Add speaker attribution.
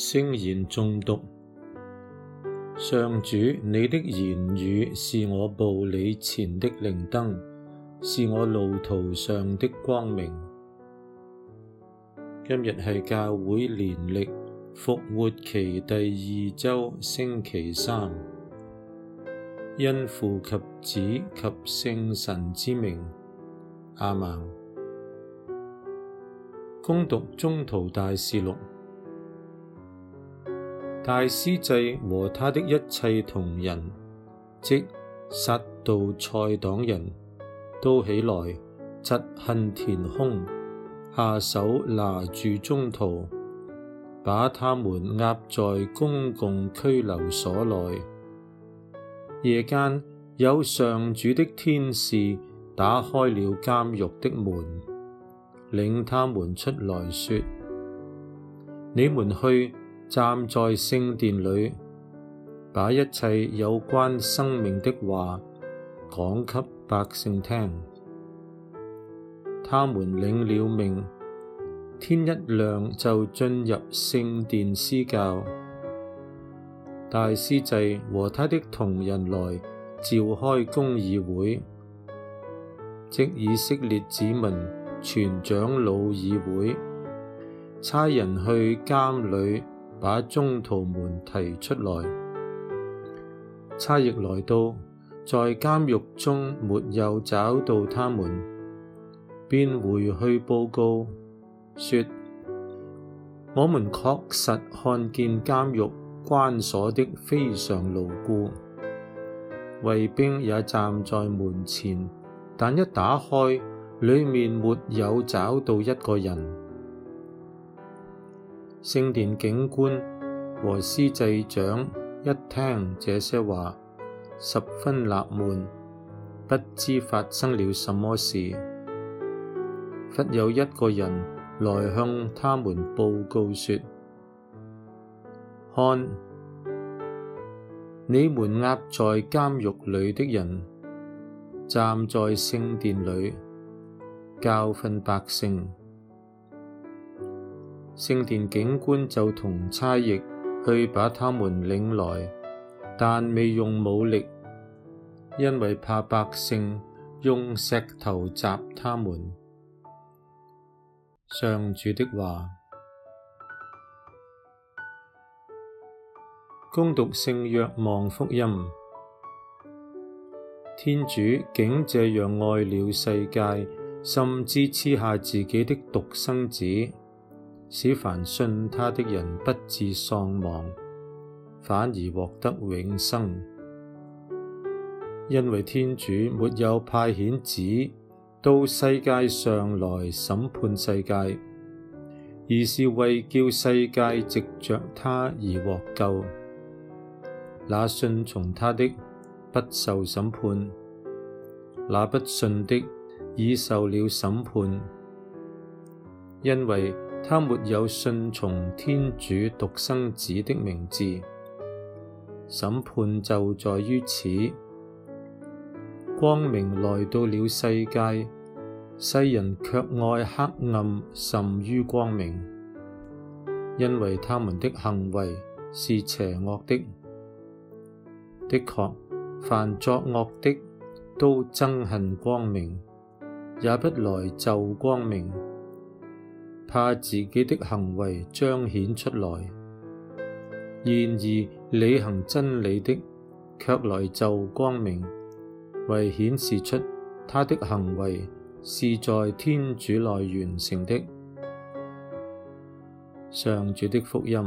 Speaker 1: 聲言誦讀上主，你的言語是我步履前的靈燈，是我路途上的光明。今日係教會年曆復活期第二周星期三，因父及子及聖神之名，阿門。恭讀宗徒大事錄。大司祭和他的一切同人，即撒杜塞黨人，都起來，嫉恨填胸，下手拿住宗徒，把他們押在公共拘留所內。夜間，有上主的天使打開了監獄的門，領他們出來，說：你們去。站在聖殿裏，把一切有關生命的話講給百姓聽。他們領了命，天一亮就進入聖殿施教。大司祭和他的同人來召開公議會，即以色列子民全長老議會，差人去監裏。把宗徒們提出來，差役來到，在監獄中沒有找到他們，便回去報告說：我們確實看見監獄關鎖的非常牢固，衛兵也站在門前，但一打開，裏面沒有找到一個人。聖殿警官和司祭長一聽這些話，十分納悶，不知發生了什麼事。忽有一個人來向他們報告說：「看，你們押在監獄裏的人，站在聖殿裏，教訓百姓。」聖殿警官就同差役去把他們領來，但未用武力，因為怕百姓用石頭砸他們。上主的話：恭讀聖若望福音，天主竟這樣愛了世界，甚至賜下自己的獨生子。使凡信他的人不致喪亡，反而獲得永生。因為天主沒有派遣子到世界上來審判世界，而是為叫世界藉著他而獲救。那信從他的，不受審判，那不信的，已受了審判。因為他沒有信從天主獨生子的名字，審判就在於此。光明來到了世界，世人卻愛黑暗甚於光明，因為他們的行為是邪惡的。的確，凡作惡的都憎恨光明，也不來就光明。怕自己的行為彰顯出來，然而履行真理的，卻來就光明，為顯示出他的行為是在天主內完成的。上主的福音。